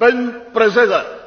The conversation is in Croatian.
Ben prezydent.